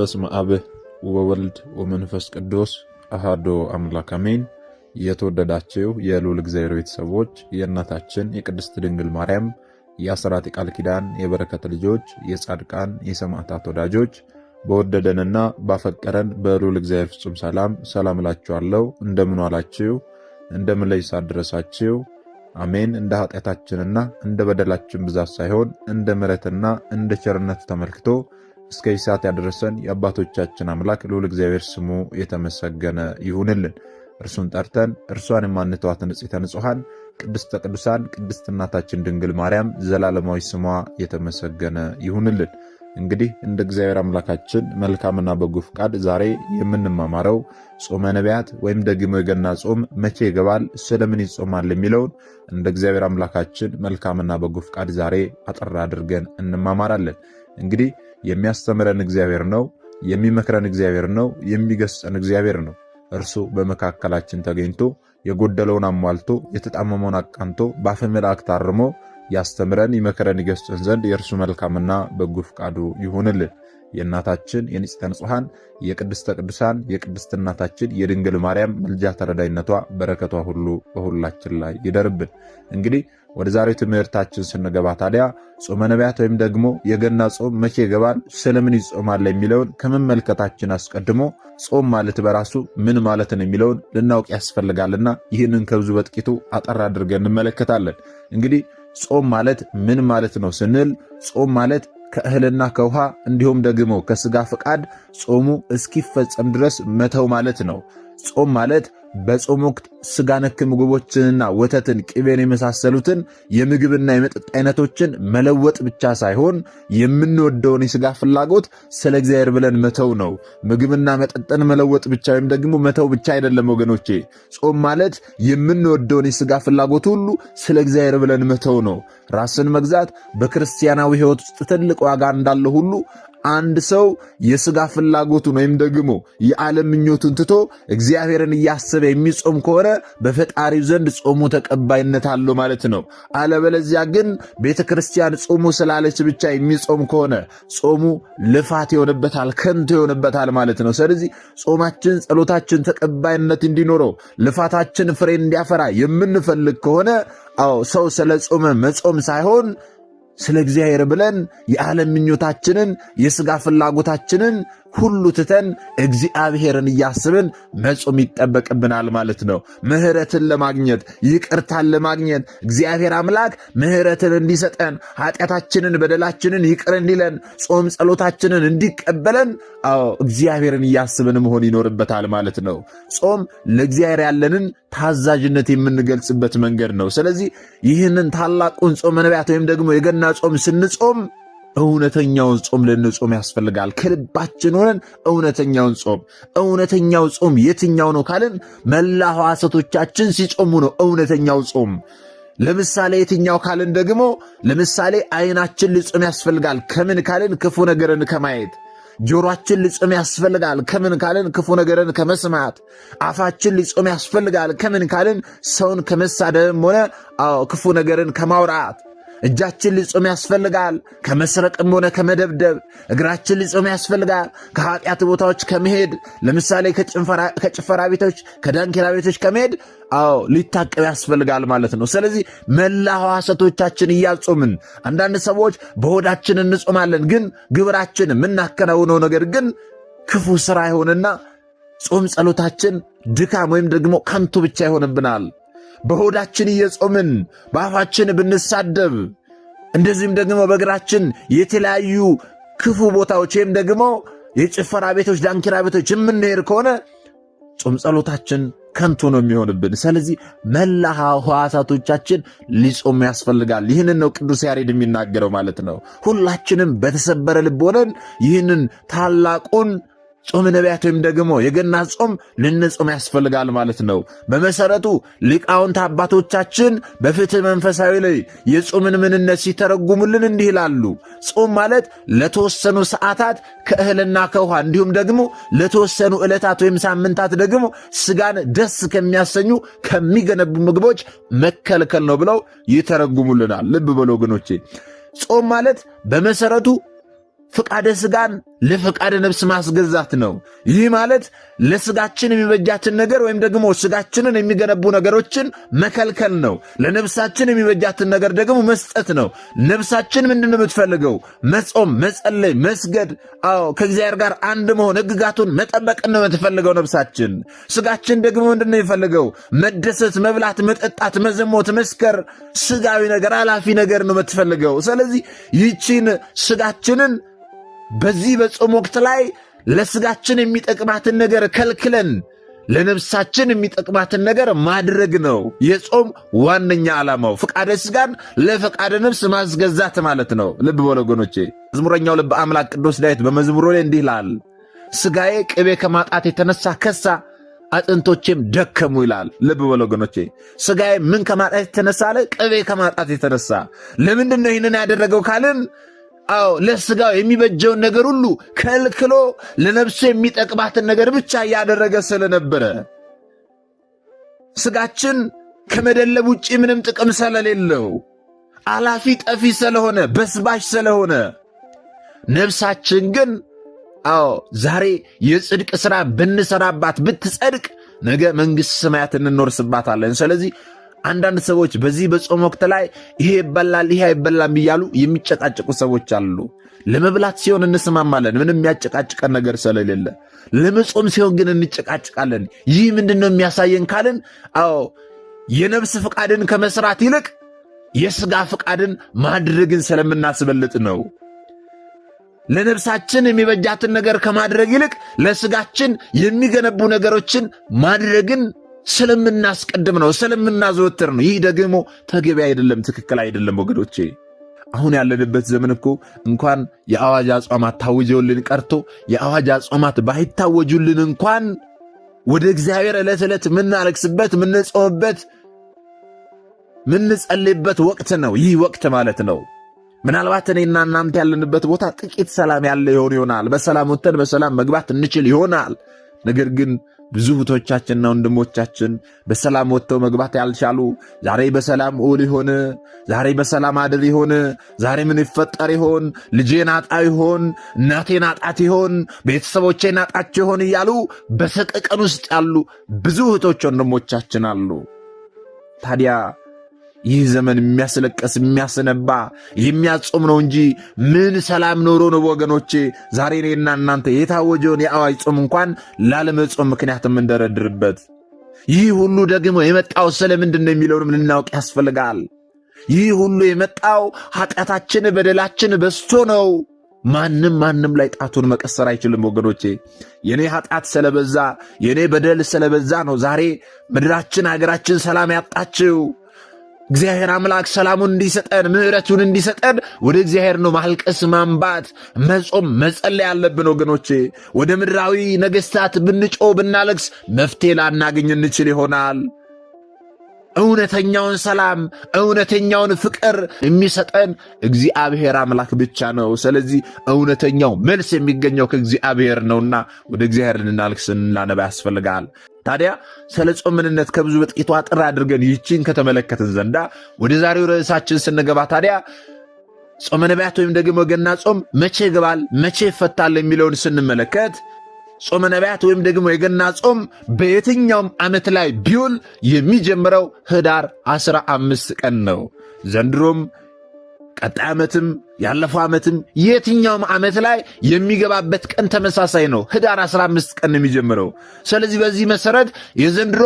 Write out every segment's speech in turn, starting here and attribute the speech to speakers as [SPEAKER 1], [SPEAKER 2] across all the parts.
[SPEAKER 1] በስመ አብ ወወልድ ወመንፈስ ቅዱስ አሃዶ አምላክ አሜን። የተወደዳችሁ የልዑል እግዚአብሔር ቤተሰቦች የእናታችን የቅድስት ድንግል ማርያም የአስራት የቃል ኪዳን የበረከት ልጆች የጻድቃን የሰማዕታት ወዳጆች በወደደንና ባፈቀረን በልዑል እግዚአብሔር ፍጹም ሰላም ሰላም እላችኋለሁ። እንደምን ዋላችሁ? እንደምን ለይሳ ድረሳችሁ? አሜን። እንደ ኃጢአታችንና እንደ በደላችን ብዛት ሳይሆን እንደ ምሕረትና እንደ ቸርነት ተመልክቶ እስከዚህ ሰዓት ያደረሰን የአባቶቻችን አምላክ ልዑል እግዚአብሔር ስሙ የተመሰገነ ይሁንልን። እርሱን ጠርተን እርሷን የማንተዋት ንጽሕተ ንጹሐን ቅድስተ ቅዱሳን ቅድስት እናታችን ድንግል ማርያም ዘላለማዊ ስሟ የተመሰገነ ይሁንልን። እንግዲህ እንደ እግዚአብሔር አምላካችን መልካምና በጎ ፍቃድ ዛሬ የምንማማረው ጾመ ነቢያት ወይም ደግሞ የገና ጾም መቼ ይገባል፣ ስለምን ይጾማል የሚለውን እንደ እግዚአብሔር አምላካችን መልካምና በጎ ፍቃድ ዛሬ አጠር አድርገን እንማማራለን። እንግዲህ የሚያስተምረን እግዚአብሔር ነው። የሚመክረን እግዚአብሔር ነው። የሚገስጸን እግዚአብሔር ነው። እርሱ በመካከላችን ተገኝቶ የጎደለውን አሟልቶ የተጣመመውን አቃንቶ በአፈ መላእክት አርሞ ያስተምረን፣ ይመክረን፣ ይገስጸን ዘንድ የእርሱ መልካምና በጎ ፍቃዱ ይሁንልን። የእናታችን የንጽሕተ ንጹሐን የቅድስተ ቅዱሳን የቅድስት እናታችን የድንግል ማርያም ምልጃ ተረዳይነቷ በረከቷ ሁሉ በሁላችን ላይ ይደርብን። እንግዲህ ወደ ዛሬው ትምህርታችን ስንገባ ታዲያ ጾመ ነቢያት ወይም ደግሞ የገና ጾም መቼ ይገባል፣ ስለምን ይጾማል የሚለውን ከመመልከታችን አስቀድሞ ጾም ማለት በራሱ ምን ማለት ነው የሚለውን ልናውቅ ያስፈልጋልና ይህንን ከብዙ በጥቂቱ አጠር አድርገን እንመለከታለን። እንግዲህ ጾም ማለት ምን ማለት ነው ስንል ጾም ማለት ከእህልና ከውሃ እንዲሁም ደግሞ ከሥጋ ፈቃድ ጾሙ እስኪፈጸም ድረስ መተው ማለት ነው። ጾም ማለት በጾም ወቅት ስጋ ነክ ምግቦችንና ወተትን፣ ቅቤን የመሳሰሉትን የምግብና የመጠጥ አይነቶችን መለወጥ ብቻ ሳይሆን የምንወደውን የስጋ ፍላጎት ስለ እግዚአብሔር ብለን መተው ነው። ምግብና መጠጥን መለወጥ ብቻ ወይም ደግሞ መተው ብቻ አይደለም ወገኖቼ። ጾም ማለት የምንወደውን የስጋ ፍላጎት ሁሉ ስለ እግዚአብሔር ብለን መተው ነው። ራስን መግዛት በክርስቲያናዊ ሕይወት ውስጥ ትልቅ ዋጋ እንዳለው ሁሉ አንድ ሰው የስጋ ፍላጎቱን ወይም ደግሞ የዓለም ምኞቱን ትቶ እግዚአብሔርን እያሰበ የሚጾም ከሆነ በፈጣሪው ዘንድ ጾሙ ተቀባይነት አለው ማለት ነው። አለበለዚያ ግን ቤተ ክርስቲያን ጾሙ ስላለች ብቻ የሚጾም ከሆነ ጾሙ ልፋት ይሆንበታል፣ ከንቱ ይሆንበታል ማለት ነው። ስለዚህ ጾማችን፣ ጸሎታችን ተቀባይነት እንዲኖረው ልፋታችን ፍሬ እንዲያፈራ የምንፈልግ ከሆነ አዎ ሰው ስለ ጾመ መጾም ሳይሆን ስለ እግዚአብሔር ብለን የዓለም ምኞታችንን የሥጋ ፍላጎታችንን ሁሉ ትተን እግዚአብሔርን እያስብን መጾም ይጠበቅብናል ማለት ነው። ምሕረትን ለማግኘት ይቅርታን ለማግኘት እግዚአብሔር አምላክ ምሕረትን እንዲሰጠን ኃጢአታችንን፣ በደላችንን ይቅር እንዲለን ጾም ጸሎታችንን እንዲቀበለን አዎ እግዚአብሔርን እያስብን መሆን ይኖርበታል ማለት ነው። ጾም ለእግዚአብሔር ያለንን ታዛዥነት የምንገልጽበት መንገድ ነው። ስለዚህ ይህንን ታላቁን ጾመ ነቢያት ወይም ደግሞ የገና ጾም ስንጾም እውነተኛውን ጾም ልንጾም ያስፈልጋል። ከልባችን ሆነን እውነተኛውን ጾም እውነተኛው ጾም የትኛው ነው ካልን መላ ሕዋሳቶቻችን ሲጾሙ ነው እውነተኛው ጾም። ለምሳሌ የትኛው ካልን ደግሞ ለምሳሌ ዓይናችን ልጾም ያስፈልጋል። ከምን ካልን ክፉ ነገርን ከማየት ጆሮአችን ልጾም ያስፈልጋል። ከምን ካልን ክፉ ነገርን ከመስማት። አፋችን ልጾም ያስፈልጋል። ከምን ካልን ሰውን ከመሳደብም ሆነ ክፉ ነገርን ከማውራት እጃችን ሊጾም ያስፈልጋል ከመስረቅም ሆነ ከመደብደብ። እግራችን ሊጾም ያስፈልጋል ከኃጢአት ቦታዎች ከመሄድ፣ ለምሳሌ ከጭፈራ ቤቶች፣ ከዳንኪራ ቤቶች ከመሄድ አዎ ሊታቀብ ያስፈልጋል ማለት ነው። ስለዚህ መላ ሕዋሳቶቻችን እያጾምን፣ አንዳንድ ሰዎች በሆዳችን እንጾማለን፣ ግን ግብራችን የምናከናውነው ነገር ግን ክፉ ስራ ይሆንና ጾም ጸሎታችን ድካም ወይም ደግሞ ከንቱ ብቻ ይሆንብናል። በሆዳችን እየጾምን በአፋችን ብንሳደብ እንደዚሁም ደግሞ በእግራችን የተለያዩ ክፉ ቦታዎች ወይም ደግሞ የጭፈራ ቤቶች፣ ዳንኪራ ቤቶች የምንሄድ ከሆነ ጾም ጸሎታችን ከንቱ ነው የሚሆንብን። ስለዚህ መላ ሕዋሳቶቻችን ሊጾም ያስፈልጋል። ይህንን ነው ቅዱስ ያሬድ የሚናገረው ማለት ነው። ሁላችንም በተሰበረ ልብ ሆነን ይህንን ታላቁን ጾመ ነቢያት ወይም ደግሞ የገና ጾም ልንጾም ያስፈልጋል ማለት ነው። በመሰረቱ ሊቃውንት አባቶቻችን በፍትህ መንፈሳዊ ላይ የጾምን ምንነት ሲተረጉሙልን እንዲህ ይላሉ። ጾም ማለት ለተወሰኑ ሰዓታት ከእህልና ከውሃ እንዲሁም ደግሞ ለተወሰኑ ዕለታት ወይም ሳምንታት ደግሞ ስጋን ደስ ከሚያሰኙ ከሚገነቡ ምግቦች መከልከል ነው ብለው ይተረጉሙልናል። ልብ በሉ ወገኖቼ፣ ጾም ማለት በመሰረቱ ፍቃደ ስጋን ለፈቃደ ነብስ ማስገዛት ነው። ይህ ማለት ለስጋችን የሚበጃትን ነገር ወይም ደግሞ ስጋችንን የሚገነቡ ነገሮችን መከልከል ነው። ለነፍሳችን የሚበጃትን ነገር ደግሞ መስጠት ነው። ነብሳችን ምንድን ነው የምትፈልገው? መጾም፣ መጸለይ፣ መስገድ፣ አዎ ከእግዚአብሔር ጋር አንድ መሆን፣ ሕግጋቱን መጠበቅ ነው የምትፈልገው ነፍሳችን። ስጋችን ደግሞ ምንድን ነው የሚፈልገው? መደሰት፣ መብላት፣ መጠጣት፣ መዘሞት፣ መስከር፣ ስጋዊ ነገር፣ አላፊ ነገር ነው የምትፈልገው። ስለዚህ ይቺን ስጋችንን በዚህ በጾም ወቅት ላይ ለስጋችን የሚጠቅማትን ነገር ከልክለን ለነፍሳችን የሚጠቅማትን ነገር ማድረግ ነው የጾም ዋነኛ ዓላማው። ፍቃደ ስጋን ለፈቃደ ነፍስ ማስገዛት ማለት ነው። ልብ በሉ ወገኖቼ። መዝሙረኛው ልብ አምላክ ቅዱስ ዳዊት በመዝሙሩ ላይ እንዲህ ይላል፣ ስጋዬ ቅቤ ከማጣት የተነሳ ከሳ አጥንቶቼም ደከሙ ይላል። ልብ በሉ ወገኖቼ፣ ስጋዬ ምን ከማጣት የተነሳ አለ? ቅቤ ከማጣት የተነሳ። ለምንድን ነው ይህንን ያደረገው ካልን አዎ ለስጋው የሚበጀውን ነገር ሁሉ ከልክሎ ለነፍሱ የሚጠቅማትን ነገር ብቻ እያደረገ ስለነበረ ስጋችን ከመደለብ ውጭ ምንም ጥቅም ስለሌለው አላፊ ጠፊ ስለሆነ በስባሽ ስለሆነ ነፍሳችን ግን አዎ ዛሬ የጽድቅ ሥራ ብንሰራባት ብትጸድቅ ነገ መንግሥት ሰማያት እንኖርስባታለን። ስለዚህ አንዳንድ ሰዎች በዚህ በጾም ወቅት ላይ ይሄ ይበላል ይሄ አይበላም እያሉ የሚጨቃጨቁ ሰዎች አሉ። ለመብላት ሲሆን እንስማማለን፣ ምንም የሚያጨቃጭቀን ነገር ስለሌለ። ለመጾም ሲሆን ግን እንጨቃጭቃለን። ይህ ምንድን ነው የሚያሳየን ካልን፣ አዎ የነፍስ ፍቃድን ከመስራት ይልቅ የስጋ ፍቃድን ማድረግን ስለምናስበልጥ ነው። ለነፍሳችን የሚበጃትን ነገር ከማድረግ ይልቅ ለስጋችን የሚገነቡ ነገሮችን ማድረግን ስለምናስቀድም ነው፣ ስለምናዘወትር ነው። ይህ ደግሞ ተገቢ አይደለም፣ ትክክል አይደለም ወገኖቼ። አሁን ያለንበት ዘመን እኮ እንኳን የአዋጅ አጽዋማት ታውጀውልን ቀርቶ የአዋጅ አጽዋማት ባይታወጁልን እንኳን ወደ እግዚአብሔር ዕለት ዕለት የምናለቅስበት ምንጾምበት፣ ምንጸልይበት ወቅት ነው ይህ ወቅት ማለት ነው። ምናልባት እኔና እናንተ ያለንበት ቦታ ጥቂት ሰላም ያለ ይሆን ይሆናል። በሰላም ወተን በሰላም መግባት እንችል ይሆናል። ነገር ግን ብዙ እህቶቻችንና ወንድሞቻችን በሰላም ወጥተው መግባት ያልቻሉ ዛሬ በሰላም ውል ይሆን? ዛሬ በሰላም አድር ይሆን? ዛሬ ምን ይፈጠር ይሆን? ልጄን አጣ ይሆን? እናቴን አጣት ይሆን? ቤተሰቦቼን አጣቸው ይሆን? እያሉ በሰቀቀን ውስጥ ያሉ ብዙ እህቶች ወንድሞቻችን አሉ። ታዲያ ይህ ዘመን የሚያስለቀስ የሚያስነባ የሚያጾም ነው እንጂ ምን ሰላም ኖሮ ነው ወገኖቼ? ዛሬ እኔና እናንተ የታወጀውን የአዋጅ ጾም እንኳን ላለመጾም ምክንያት የምንደረድርበት። ይህ ሁሉ ደግሞ የመጣው ስለምንድን ነው የሚለውንም ልናውቅ ያስፈልጋል። ይህ ሁሉ የመጣው ኃጢአታችን በደላችን በዝቶ ነው። ማንም ማንም ላይ ጣቱን መቀሰር አይችልም ወገኖቼ። የኔ ኃጢአት ስለበዛ የኔ በደል ስለበዛ ነው ዛሬ ምድራችን ሀገራችን ሰላም ያጣችው። እግዚአብሔር አምላክ ሰላሙን እንዲሰጠን ምሕረቱን እንዲሰጠን ወደ እግዚአብሔር ነው ማልቀስ፣ ማንባት፣ መጾም፣ መጸለይ ያለብን ወገኖቼ። ወደ ምድራዊ ነገሥታት ብንጮ ብናለቅስ መፍትሄ ላናገኝ እንችል ይሆናል። እውነተኛውን ሰላም እውነተኛውን ፍቅር የሚሰጠን እግዚአብሔር አምላክ ብቻ ነው። ስለዚህ እውነተኛው መልስ የሚገኘው ከእግዚአብሔር ነውና ወደ እግዚአብሔር እንናልክስ ልናነባ ያስፈልጋል። ታዲያ ስለ ጾም ምንነት ከብዙ በጥቂቱ አጥር አድርገን ይህችን ከተመለከትን ዘንዳ ወደ ዛሬው ርዕሳችን ስንገባ ታዲያ ጾመ ነቢያት ወይም ደግሞ ገና ጾም መቼ ይገባል፣ መቼ ይፈታል የሚለውን ስንመለከት ጾመ ነቢያት ወይም ደግሞ የገና ጾም በየትኛውም ዓመት ላይ ቢውል የሚጀምረው ህዳር 15 ቀን ነው። ዘንድሮም ቀጣይ ዓመትም ያለፈው ዓመትም የትኛውም ዓመት ላይ የሚገባበት ቀን ተመሳሳይ ነው። ህዳር 15 ቀን ነው የሚጀምረው። ስለዚህ በዚህ መሰረት የዘንድሮ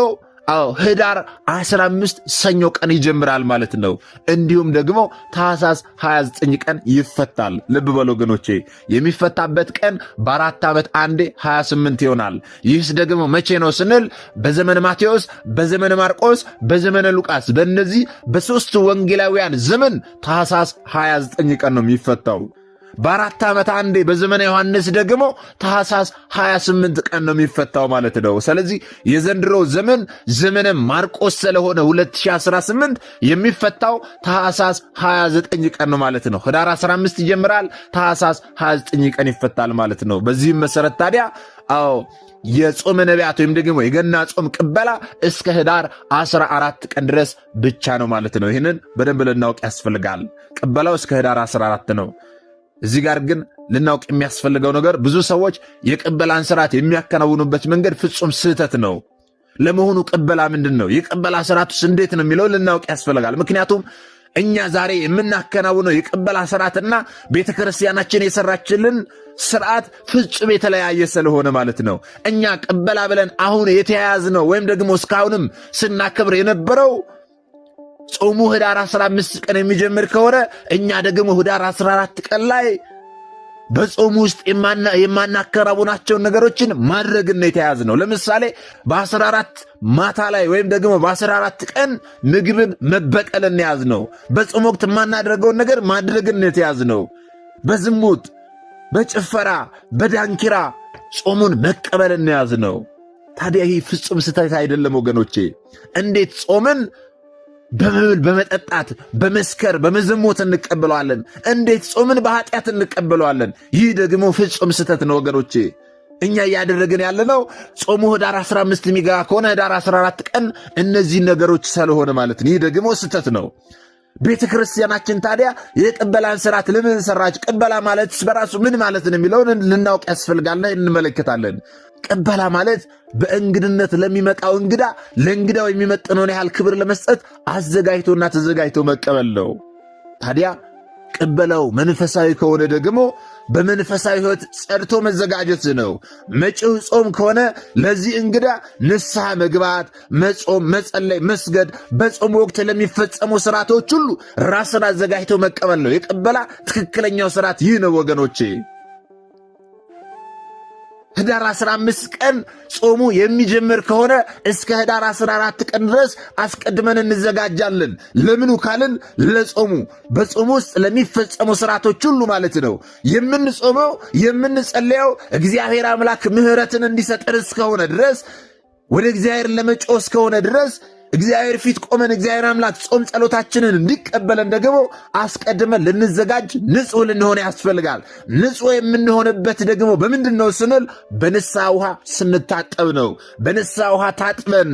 [SPEAKER 1] አዎ ህዳር 15 ሰኞ ቀን ይጀምራል ማለት ነው። እንዲሁም ደግሞ ታህሳስ 29 ቀን ይፈታል። ልብ በሉ ወገኖቼ፣ የሚፈታበት ቀን በአራት ዓመት አንዴ 28 ይሆናል። ይህስ ደግሞ መቼ ነው ስንል በዘመነ ማቴዎስ፣ በዘመነ ማርቆስ፣ በዘመነ ሉቃስ በእነዚህ በሦስቱ ወንጌላውያን ዘመን ታህሳስ 29 ቀን ነው የሚፈታው። በአራት ዓመት አንዴ በዘመነ ዮሐንስ ደግሞ ታኅሳስ 28 ቀን ነው የሚፈታው ማለት ነው። ስለዚህ የዘንድሮ ዘመን ዘመነ ማርቆስ ስለሆነ 2018 የሚፈታው ታኅሳስ 29 ቀን ነው ማለት ነው። ህዳር 15 ይጀምራል፣ ታኅሳስ 29 ቀን ይፈታል ማለት ነው። በዚህም መሰረት ታዲያ አዎ የጾመ ነቢያት ወይም ደግሞ የገና ጾም ቅበላ እስከ ህዳር 14 ቀን ድረስ ብቻ ነው ማለት ነው። ይህንን በደንብ ልናውቅ ያስፈልጋል። ቅበላው እስከ ህዳር 14 ነው። እዚህ ጋር ግን ልናውቅ የሚያስፈልገው ነገር ብዙ ሰዎች የቅበላን ስርዓት የሚያከናውኑበት መንገድ ፍጹም ስህተት ነው። ለመሆኑ ቅበላ ምንድን ነው? የቅበላ ስርዓቱስ እንዴት ነው የሚለው ልናውቅ ያስፈልጋል። ምክንያቱም እኛ ዛሬ የምናከናውነው የቅበላ ስርዓትና ቤተ ክርስቲያናችን የሰራችልን ስርዓት ፍጹም የተለያየ ስለሆነ ማለት ነው። እኛ ቅበላ ብለን አሁን የተያያዝነው ወይም ደግሞ እስካሁንም ስናከብር የነበረው ጾሙ ህዳር 15 ቀን የሚጀምር ከሆነ እኛ ደግሞ ህዳር 14 ቀን ላይ በጾሙ ውስጥ የማናከናውናቸውን ነገሮችን ማድረግን የተያዝ ነው። ለምሳሌ በ14 ማታ ላይ ወይም ደግሞ በ14 ቀን ምግብን መበቀልን የያዝ ነው። በጾም ወቅት የማናደርገውን ነገር ማድረግን የተያዝ ነው። በዝሙት፣ በጭፈራ፣ በዳንኪራ ጾሙን መቀበልን የያዝ ነው። ታዲያ ይህ ፍጹም ስህተት አይደለም ወገኖቼ። እንዴት ጾምን በመብል በመጠጣት በመስከር በመዘሞት እንቀበለዋለን። እንዴት ጾምን በኃጢአት እንቀበለዋለን? ይህ ደግሞ ፍጹም ስህተት ነው ወገኖቼ። እኛ እያደረግን ያለነው ጾሙ ህዳር 15 የሚገባ ከሆነ ህዳር 14 ቀን እነዚህን ነገሮች ስለሆነ ማለት ነው። ይህ ደግሞ ስህተት ነው። ቤተ ክርስቲያናችን ታዲያ የቅበላን ስርዓት ለምን ሰራች? ቅበላ ማለት በራሱ ምን ማለት ነው የሚለውን ልናውቅ ያስፈልጋልና እንመለከታለን። ቅበላ ማለት በእንግድነት ለሚመጣው እንግዳ ለእንግዳው የሚመጥነውን ያህል ክብር ለመስጠት አዘጋጅቶና ተዘጋጅቶ መቀበል ነው። ታዲያ ቅበላው መንፈሳዊ ከሆነ ደግሞ በመንፈሳዊ ሕይወት ጸድቶ መዘጋጀት ነው። መጪው ጾም ከሆነ ለዚህ እንግዳ ንስሐ መግባት፣ መጾም፣ መጸለይ፣ መስገድ፣ በጾም ወቅት ለሚፈጸሙ ስርዓቶች ሁሉ ራስን አዘጋጅቶ መቀበል ነው። የቅበላ ትክክለኛው ስርዓት ይህ ነው ወገኖቼ። ህዳር 15 ቀን ጾሙ የሚጀምር ከሆነ እስከ ህዳር 14 ቀን ድረስ አስቀድመን እንዘጋጃለን። ለምኑ ካልን ለጾሙ፣ በጾሙ ውስጥ ለሚፈጸሙ ስርዓቶች ሁሉ ማለት ነው። የምንጾመው የምንጸለየው እግዚአብሔር አምላክ ምሕረትን እንዲሰጠን እስከሆነ ድረስ ወደ እግዚአብሔር ለመጮ እስከሆነ ድረስ እግዚአብሔር ፊት ቆመን እግዚአብሔር አምላክ ጾም ጸሎታችንን እንዲቀበለን ደግሞ አስቀድመን ልንዘጋጅ ንጹህ ልንሆን ያስፈልጋል። ንጹህ የምንሆንበት ደግሞ በምንድን ነው ስንል በንሳ ውሃ ስንታጠብ ነው። በንሳ ውሃ ታጥበን፣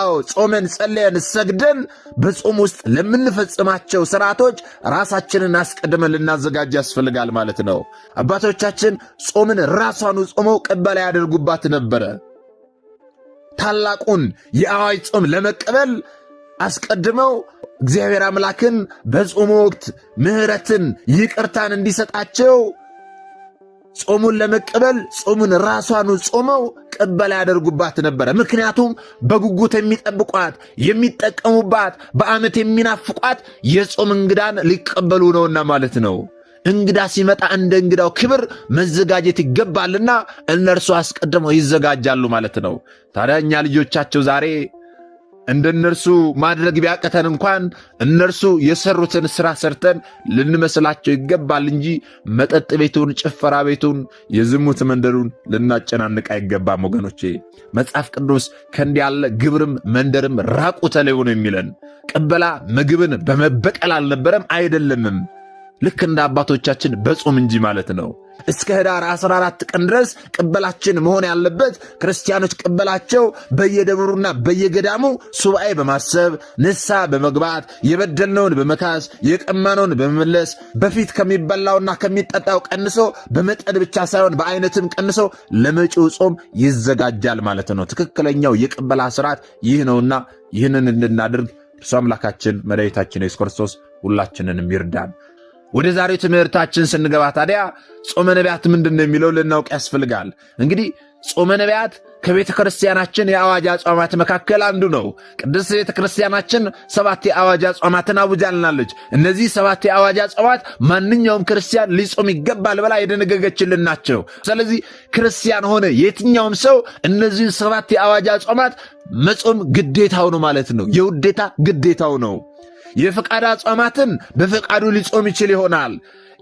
[SPEAKER 1] አዎ ጾመን፣ ጸለየን፣ ሰግደን በጾም ውስጥ ለምንፈጽማቸው ስርዓቶች ራሳችንን አስቀድመን ልናዘጋጅ ያስፈልጋል ማለት ነው። አባቶቻችን ጾምን ራሷኑ ጾመው ቀበላ ያደርጉባት ነበረ። ታላቁን የአዋጅ ጾም ለመቀበል አስቀድመው እግዚአብሔር አምላክን በጾሙ ወቅት ምሕረትን ይቅርታን እንዲሰጣቸው ጾሙን ለመቀበል ጾሙን ራሷኑ ጾመው ቅበላ ያደርጉባት ነበረ። ምክንያቱም በጉጉት የሚጠብቋት የሚጠቀሙባት፣ በዓመት የሚናፍቋት የጾም እንግዳን ሊቀበሉ ነውና ማለት ነው። እንግዳ ሲመጣ እንደ እንግዳው ክብር መዘጋጀት ይገባልና እነርሱ አስቀድመው ይዘጋጃሉ ማለት ነው። ታዲያ እኛ ልጆቻቸው ዛሬ እንደ እነርሱ ማድረግ ቢያቀተን እንኳን እነርሱ የሰሩትን ስራ ሰርተን ልንመስላቸው ይገባል እንጂ መጠጥ ቤቱን፣ ጭፈራ ቤቱን፣ የዝሙት መንደሩን ልናጨናንቅ አይገባም ወገኖቼ። መጽሐፍ ቅዱስ ከእንዲህ ያለ ግብርም መንደርም ራቁ ተለይ የሚለን ቅበላ ምግብን በመበቀል አልነበረም አይደለምም። ልክ እንደ አባቶቻችን በጾም እንጂ ማለት ነው። እስከ ህዳር 14 ቀን ድረስ ቅበላችን መሆን ያለበት ክርስቲያኖች ቅበላቸው በየደብሩና በየገዳሙ ሱባኤ በማሰብ ንሳ በመግባት የበደልነውን በመካስ የቀማነውን በመመለስ በፊት ከሚበላውና ከሚጠጣው ቀንሶ በመጠን ብቻ ሳይሆን በአይነትም ቀንሶ ለመጪው ጾም ይዘጋጃል ማለት ነው። ትክክለኛው የቅበላ ስርዓት ይህ ነውና ይህንን እንድናደርግ እርሱ አምላካችን መድኃኒታችን ኢየሱስ ክርስቶስ ሁላችንንም ይርዳን። ወደ ዛሬው ትምህርታችን ስንገባ ታዲያ ጾመ ነቢያት ምንድን ነው የሚለው ልናውቅ ያስፈልጋል። እንግዲህ ጾመ ነቢያት ከቤተ ክርስቲያናችን የአዋጅ አጽዋማት መካከል አንዱ ነው። ቅድስት ቤተ ክርስቲያናችን ሰባት የአዋጅ አጽዋማትን አውጃልናለች። እነዚህ ሰባት የአዋጅ አጽዋማት ማንኛውም ክርስቲያን ሊጾም ይገባል ብላ የደነገገችልን ናቸው። ስለዚህ ክርስቲያን ሆነ የትኛውም ሰው እነዚህን ሰባት የአዋጅ አጽዋማት መጾም ግዴታው ነው ማለት ነው። የውዴታ ግዴታው ነው። የፈቃድ አጽዋማትን በፈቃዱ ሊጾም ይችል ይሆናል።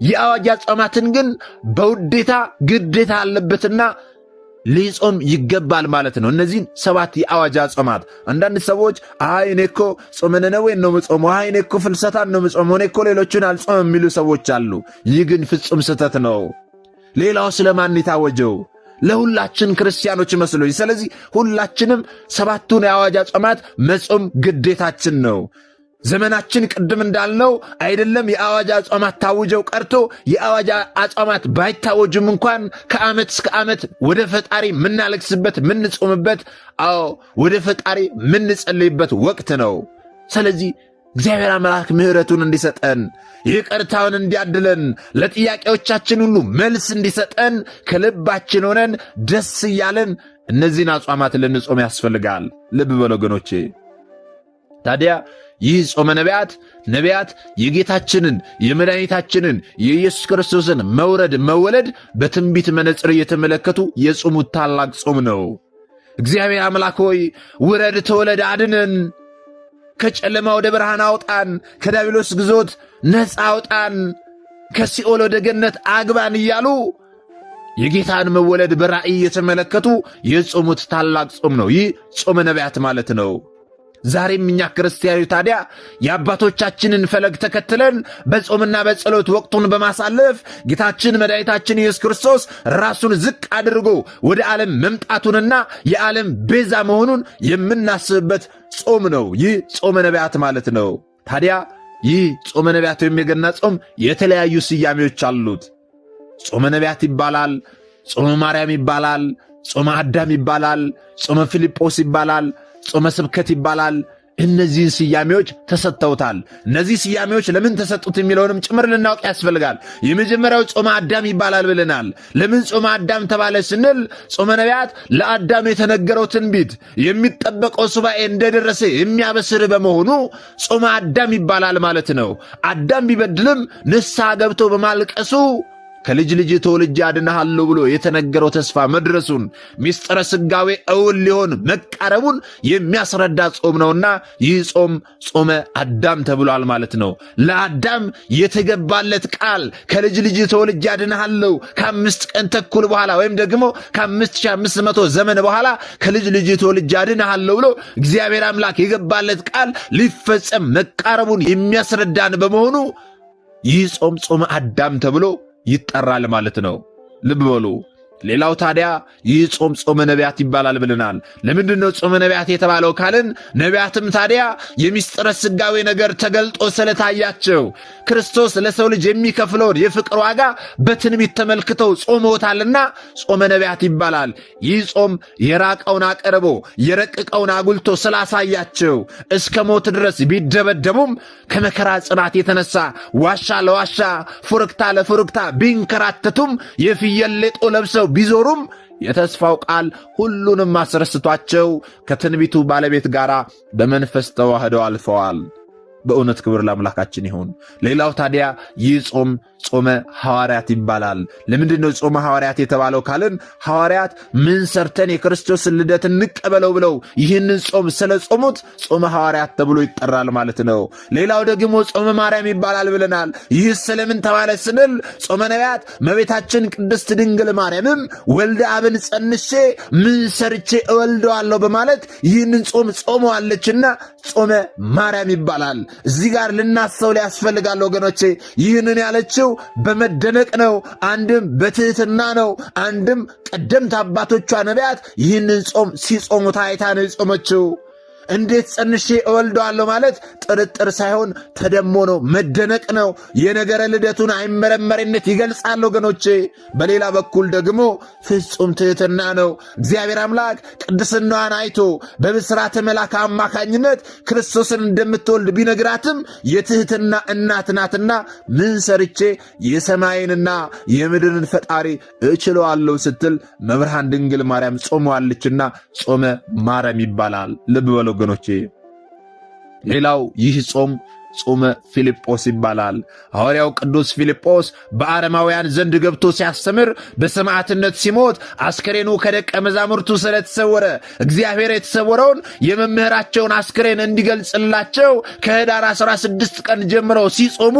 [SPEAKER 1] የአዋጅ አጽዋማትን ግን በውዴታ ግዴታ አለበትና ሊጾም ይገባል ማለት ነው። እነዚህን ሰባት የአዋጅ አጽዋማት አንዳንድ ሰዎች አይ እኔ እኮ ጾመ ነነዌን ነው የምጾመው፣ አይ እኔ እኮ ፍልሰታን ነው የምጾመው፣ እኔ እኮ ሌሎቹን አልጾም የሚሉ ሰዎች አሉ። ይህ ግን ፍጹም ስህተት ነው። ሌላው ስለማን የታወጀው? ለሁላችን ክርስቲያኖች መስሎኝ። ስለዚህ ሁላችንም ሰባቱን የአዋጅ አጽዋማት መጾም ግዴታችን ነው። ዘመናችን ቅድም እንዳልነው አይደለም የአዋጅ አጽዋማት ታውጀው ቀርቶ የአዋጅ አጽዋማት ባይታወጅም እንኳን ከዓመት እስከ ዓመት ወደ ፈጣሪ የምናለቅስበት የምንጾምበት፣ አዎ ወደ ፈጣሪ የምንጸልይበት ወቅት ነው። ስለዚህ እግዚአብሔር አምላክ ምሕረቱን እንዲሰጠን ይቅርታውን እንዲያድለን ለጥያቄዎቻችን ሁሉ መልስ እንዲሰጠን ከልባችን ሆነን ደስ እያለን እነዚህን አጽዋማት ልንጾም ያስፈልጋል። ልብ በል ወገኖቼ ታዲያ ይህ ጾመ ነቢያት ነቢያት የጌታችንን የመድኃኒታችንን የኢየሱስ ክርስቶስን መውረድ መወለድ በትንቢት መነጽር እየተመለከቱ የጾሙት ታላቅ ጾም ነው። እግዚአብሔር አምላክ ሆይ ውረድ፣ ተወለድ፣ አድነን፣ ከጨለማ ወደ ብርሃን አውጣን፣ ከዳቢሎስ ግዞት ነፃ አውጣን፣ ከሲኦል ወደ ገነት አግባን እያሉ የጌታን መወለድ በራእይ እየተመለከቱ የጾሙት ታላቅ ጾም ነው። ይህ ጾመ ነቢያት ማለት ነው። ዛሬም እኛ ክርስቲያኑ ታዲያ የአባቶቻችንን ፈለግ ተከትለን በጾምና በጸሎት ወቅቱን በማሳለፍ ጌታችን መድኃኒታችን ኢየሱስ ክርስቶስ ራሱን ዝቅ አድርጎ ወደ ዓለም መምጣቱንና የዓለም ቤዛ መሆኑን የምናስብበት ጾም ነው። ይህ ጾመ ነቢያት ማለት ነው። ታዲያ ይህ ጾመ ነቢያት ወይም የገና ጾም የተለያዩ ስያሜዎች አሉት። ጾመ ነቢያት ይባላል፣ ጾመ ማርያም ይባላል፣ ጾመ አዳም ይባላል፣ ጾመ ፊልጶስ ይባላል ጾመ ስብከት ይባላል። እነዚህን ስያሜዎች ተሰጥተውታል። እነዚህ ስያሜዎች ለምን ተሰጡት የሚለውንም ጭምር ልናውቅ ያስፈልጋል። የመጀመሪያው ጾመ አዳም ይባላል ብለናል። ለምን ጾመ አዳም ተባለ ስንል ጾመ ነቢያት ለአዳም የተነገረው ትንቢት የሚጠበቀው ሱባኤ እንደደረሰ የሚያበስር በመሆኑ ጾመ አዳም ይባላል ማለት ነው። አዳም ቢበድልም ንስሐ ገብቶ በማልቀሱ ከልጅ ልጅ ተወልጄ አድንሃለሁ ብሎ የተነገረው ተስፋ መድረሱን ሚስጥረ ስጋዌ እውን ሊሆን መቃረቡን የሚያስረዳ ጾም ነውና ይህ ጾም ጾመ አዳም ተብሏል ማለት ነው። ለአዳም የተገባለት ቃል ከልጅ ልጅ ተወልጄ አድንሃለሁ ከአምስት ቀን ተኩል በኋላ ወይም ደግሞ ከአምስት ሺህ አምስት መቶ ዘመን በኋላ ከልጅ ልጅ ተወልጄ አድንሃለሁ ብሎ እግዚአብሔር አምላክ የገባለት ቃል ሊፈጸም መቃረቡን የሚያስረዳን በመሆኑ ይህ ጾም ጾመ አዳም ተብሎ ይጠራል ማለት ነው። ልብ በሉ። ሌላው ታዲያ ይህ ጾም ጾመ ነቢያት ይባላል ብለናል። ለምንድን ነው ጾመ ነቢያት የተባለው ካልን ነቢያትም ታዲያ የሚስጥረ ሥጋዌ ነገር ተገልጦ ስለታያቸው ክርስቶስ ለሰው ልጅ የሚከፍለውን የፍቅር ዋጋ በትንቢት ተመልክተው ጾመውታልና ጾመ ነቢያት ይባላል። ይህ ጾም የራቀውን አቀርቦ የረቅቀውን አጉልቶ ስላሳያቸው እስከ ሞት ድረስ ቢደበደቡም ከመከራ ጽናት የተነሳ ዋሻ ለዋሻ ፉርክታ ለፉርክታ ቢንከራተቱም የፍየል ሌጦ ለብሰው ብለው ቢዞሩም የተስፋው ቃል ሁሉንም አስረስቷቸው ከትንቢቱ ባለቤት ጋር በመንፈስ ተዋህደው አልፈዋል። በእውነት ክብር ለአምላካችን ይሁን። ሌላው ታዲያ ይህ ጾም ጾመ ሐዋርያት ይባላል። ለምንድን ነው ጾመ ሐዋርያት የተባለው ካልን ሐዋርያት ምን ሰርተን የክርስቶስን ልደት እንቀበለው ብለው ይህንን ጾም ስለ ጾሙት ጾመ ሐዋርያት ተብሎ ይጠራል ማለት ነው። ሌላው ደግሞ ጾመ ማርያም ይባላል ብለናል። ይህ ስለምን ተባለ ስንል ጾመ ነቢያት መቤታችን ቅድስት ድንግል ማርያምም ወልደ አብን ጸንሼ ምን ሰርቼ እወልደዋለሁ በማለት ይህንን ጾም ጾመዋለችና ጾመ ማርያም ይባላል። እዚህ ጋር ልናሰው ሊያስፈልጋል ወገኖቼ ይህንን ያለችው በመደነቅ ነው፣ አንድም በትህትና ነው፣ አንድም ቀደምት አባቶቿ ነቢያት ይህንን ጾም ሲጾሙ ታይታ ነው የጾመችው። እንዴት ጸንሼ እወልደዋለሁ ማለት ጥርጥር ሳይሆን ተደሞ ነው፣ መደነቅ ነው። የነገረ ልደቱን አይመረመሬነት ይገልጻል ወገኖቼ። በሌላ በኩል ደግሞ ፍጹም ትህትና ነው። እግዚአብሔር አምላክ ቅድስናዋን አይቶ በብስራተ መልአክ አማካኝነት ክርስቶስን እንደምትወልድ ቢነግራትም የትህትና እናት ናትና ምን ሰርቼ የሰማይንና የምድርን ፈጣሪ እችለዋለሁ ስትል መብርሃን ድንግል ማርያም ጾመዋለችና ጾመ ማርያም ይባላል። ልብ በለው ወገኖቼ። ሌላው ይህ ጾም ጾመ ፊልጶስ ይባላል። ሐዋርያው ቅዱስ ፊልጶስ በአረማውያን ዘንድ ገብቶ ሲያስተምር በሰማዕትነት ሲሞት አስከሬኑ ከደቀ መዛሙርቱ ስለተሰወረ እግዚአብሔር የተሰወረውን የመምህራቸውን አስከሬን እንዲገልጽላቸው ከኅዳር 16 ቀን ጀምረው ሲጾሙ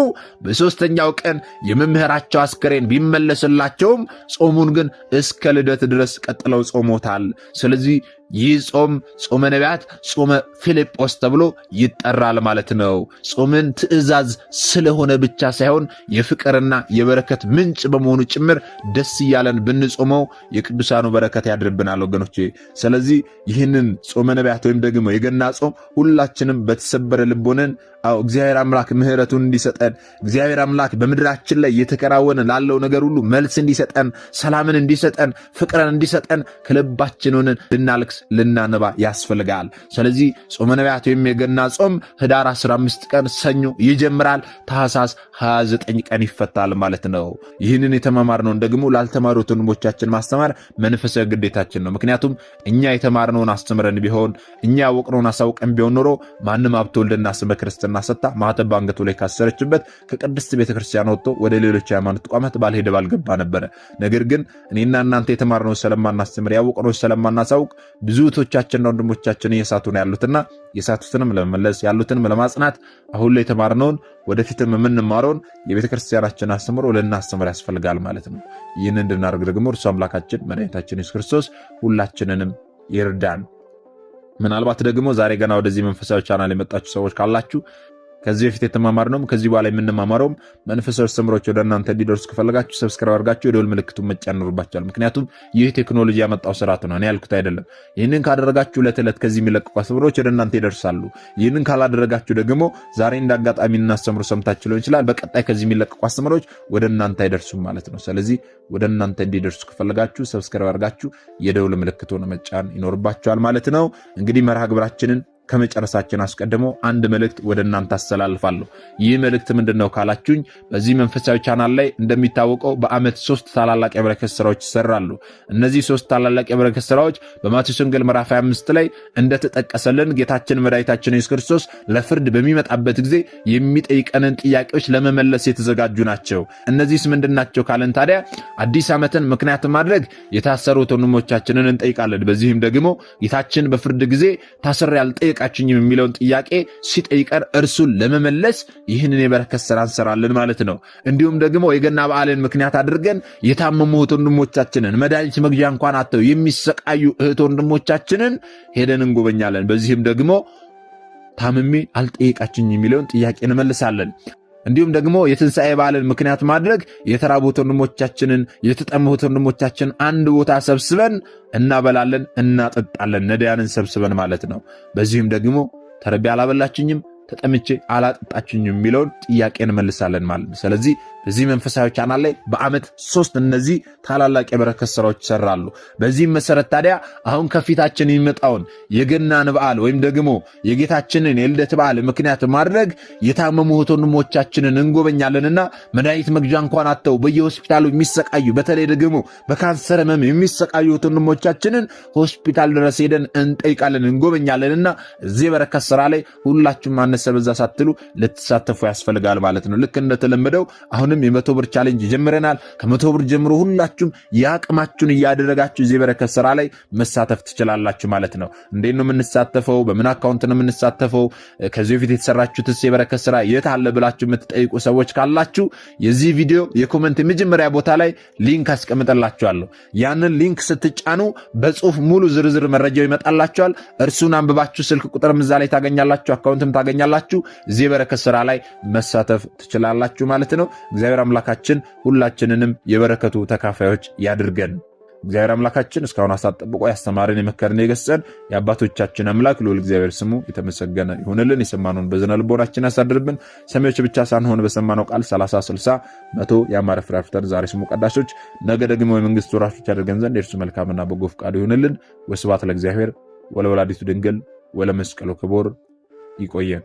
[SPEAKER 1] በሦስተኛው ቀን የመምህራቸው አስከሬን ቢመለስላቸውም ጾሙን ግን እስከ ልደት ድረስ ቀጥለው ጾሞታል። ስለዚህ ይህ ጾም ጾመ ነቢያት፣ ጾመ ፊልጶስ ተብሎ ይጠራል ማለት ነው። ጾምን ትእዛዝ ስለሆነ ብቻ ሳይሆን የፍቅርና የበረከት ምንጭ በመሆኑ ጭምር ደስ እያለን ብንጾመው የቅዱሳኑ በረከት ያድርብናል ወገኖቼ። ስለዚህ ይህንን ጾመ ነቢያት ወይም ደግሞ የገና ጾም ሁላችንም በተሰበረ ልቦንን አዎ እግዚአብሔር አምላክ ምሕረቱን እንዲሰጠን እግዚአብሔር አምላክ በምድራችን ላይ እየተከናወነ ላለው ነገር ሁሉ መልስ እንዲሰጠን፣ ሰላምን እንዲሰጠን፣ ፍቅርን እንዲሰጠን ከልባችን ሆነን ልናነባ ያስፈልጋል። ስለዚህ ጾመ ነቢያት ወይም የገና ጾም ህዳር 15 ቀን ሰኞ ይጀምራል፣ ታህሳስ 29 ቀን ይፈታል ማለት ነው። ይህንን የተማማርነውን ደግሞ ላልተማሩት ወንድሞቻችን ማስተማር መንፈሳዊ ግዴታችን ነው። ምክንያቱም እኛ የተማርነውን አስተምረን ቢሆን እኛ ያወቅነውን አሳውቀን ቢሆን ኖሮ ማንም ሀብተወልድና ስመ ክርስትና ሰጥታ ማህተብ በአንገቱ ላይ ካሰረችበት ከቅድስት ቤተክርስቲያን ወጥቶ ወደ ሌሎች ሃይማኖት ተቋማት ባልሄደ ባልገባ ነበረ። ነገር ግን እኔና እናንተ የተማርነው ስለማናስተምር ያወቅነው ስለማናሳውቅ ብዙ እህቶቻችንና ወንድሞቻችን እየሳቱ ነው ያሉትና የሳቱትንም ለመመለስ ያሉትንም ለማጽናት አሁን ላይ የተማርነውን ወደፊትም የምንማረውን የቤተክርስቲያናችን አስተምሮ ልናስተምር ያስፈልጋል ማለት ነው። ይህን እንድናደርግ ደግሞ እርሱ አምላካችን መድኃኒታችን ኢየሱስ ክርስቶስ ሁላችንንም ይርዳን። ምናልባት ደግሞ ዛሬ ገና ወደዚህ መንፈሳዊ ቻናል የመጣችሁ ሰዎች ካላችሁ ከዚህ በፊት የተማማርነውም ከዚህ በኋላ የምንማማረውም መንፈሳዊ አስተምሮች ወደ እናንተ እንዲደርሱ ከፈለጋችሁ ሰብስክራይብ አድርጋችሁ የደወል ምልክቱ መጫ ይኖርባችኋል። ምክንያቱም ይህ ቴክኖሎጂ ያመጣው ስርዓት ነው፣ እኔ ያልኩት አይደለም። ይህንን ካደረጋችሁ ዕለት ዕለት ከዚህ የሚለቀቁ አስተምሮች ወደ እናንተ ይደርሳሉ። ይህንን ካላደረጋችሁ ደግሞ ዛሬ እንደ አጋጣሚ እናስተምሮ ሰምታችሁ ሊሆን ይችላል፣ በቀጣይ ከዚህ የሚለቀቁ አስተምሮች ወደ እናንተ አይደርሱም ማለት ነው። ስለዚህ ወደ እናንተ እንዲደርሱ ከፈለጋችሁ ሰብስክራ አድርጋችሁ የደውል ምልክቱን መጫን ይኖርባቸዋል ማለት ነው። እንግዲህ መርሃ ግብራችንን ከመጨረሳችን አስቀድሞ አንድ መልእክት ወደ እናንተ አስተላልፋለሁ። ይህ መልእክት ምንድን ነው ካላችሁኝ፣ በዚህ መንፈሳዊ ቻናል ላይ እንደሚታወቀው በዓመት ሶስት ታላላቅ የበረከት ስራዎች ይሰራሉ። እነዚህ ሶስት ታላላቅ የበረከት ስራዎች በማቴዎስ ወንጌል ምዕራፍ 25 ላይ እንደተጠቀሰልን ጌታችን መድኃኒታችን ኢየሱስ ክርስቶስ ለፍርድ በሚመጣበት ጊዜ የሚጠይቀንን ጥያቄዎች ለመመለስ የተዘጋጁ ናቸው። እነዚህስ ምንድን ናቸው ካለን ታዲያ አዲስ ዓመትን ምክንያት ማድረግ የታሰሩት ወንድሞቻችንን እንጠይቃለን። በዚህም ደግሞ ጌታችን በፍርድ ጊዜ ታስር ያልጠ አልጠየቃችኝም የሚለውን ጥያቄ ሲጠይቀን እርሱን ለመመለስ ይህንን የበረከት ስራ እንሰራለን ማለት ነው። እንዲሁም ደግሞ የገና በዓልን ምክንያት አድርገን የታመሙት ወንድሞቻችንን መድኃኒት መግዣ እንኳን አተው የሚሰቃዩ እህት ወንድሞቻችንን ሄደን እንጎበኛለን። በዚህም ደግሞ ታምሜ አልጠየቃችኝ የሚለውን ጥያቄ እንመልሳለን። እንዲሁም ደግሞ የትንሣኤ በዓልን ምክንያት ማድረግ የተራቡት ወንድሞቻችንን የተጠሙት ወንድሞቻችንን አንድ ቦታ ሰብስበን እናበላለን፣ እናጠጣለን። ነዳያንን ሰብስበን ማለት ነው። በዚህም ደግሞ ተርቤ አላበላችኝም፣ ተጠምቼ አላጠጣችኝም የሚለውን ጥያቄ እንመልሳለን ማለት ነው። ስለዚህ እዚህ መንፈሳዊ ቻናል ላይ በአመት ሶስት እነዚህ ታላላቅ የበረከት ስራዎች ይሰራሉ። በዚህም መሰረት ታዲያ አሁን ከፊታችን የሚመጣውን የገናን በዓል ወይም ደግሞ የጌታችንን የልደት በዓል ምክንያት ማድረግ የታመሙ እህት ወንድሞቻችንን እንጎበኛለንና መድኃኒት መግዣ እንኳን አተው በየሆስፒታሉ የሚሰቃዩ በተለይ ደግሞ በካንሰር ህመም የሚሰቃዩ እህት ወንድሞቻችንን ሆስፒታል ድረስ ሄደን እንጠይቃለን እንጎበኛለንና እዚህ የበረከት ስራ ላይ ሁላችሁም አነሰ በዛ ሳትሉ ልትሳተፉ ያስፈልጋል ማለት ነው። ልክ እንደተለመደው አሁንም አሁንም የመቶ ብር ቻሌንጅ ጀምረናል። ከመቶ ብር ጀምሮ ሁላችሁም የአቅማችሁን እያደረጋችሁ እዚህ በረከት ስራ ላይ መሳተፍ ትችላላችሁ ማለት ነው። እንዴት ነው የምንሳተፈው? በምን አካውንት ነው የምንሳተፈው? ከዚህ በፊት የተሰራችሁት የበረከት ስራ የት አለ ብላችሁ የምትጠይቁ ሰዎች ካላችሁ የዚህ ቪዲዮ የኮመንት የመጀመሪያ ቦታ ላይ ሊንክ አስቀምጠላችኋለሁ። ያንን ሊንክ ስትጫኑ በጽሁፍ ሙሉ ዝርዝር መረጃው ይመጣላችኋል። እርሱን አንብባችሁ ስልክ ቁጥርም እዛ ላይ ታገኛላችሁ፣ አካውንትም ታገኛላችሁ። እዚህ የበረከት ስራ ላይ መሳተፍ ትችላላችሁ ማለት ነው። እግዚአብሔር አምላካችን ሁላችንንም የበረከቱ ተካፋዮች ያድርገን። እግዚአብሔር አምላካችን እስካሁን አሳት ጠብቆ ያስተማረን የመከረን የገሰጸን የአባቶቻችን አምላክ ልዑል እግዚአብሔር ስሙ የተመሰገነ ይሁንልን። የሰማነውን በዝነ ልቦናችን ያሳድርብን። ሰሚዎች ብቻ ሳንሆን በሰማነው ቃል 30፣ 60፣ መቶ የአማረ ፍሬ አፍርተን ዛሬ ስሙ ቀዳሾች፣ ነገ ደግሞ የመንግስት ወራሾች ያደርገን ዘንድ የእርሱ መልካምና በጎ ፈቃዱ ይሁንልን። ወስብሐት ለእግዚአብሔር ወለወላዲቱ ድንግል ወለመስቀሉ ክቡር። ይቆየን።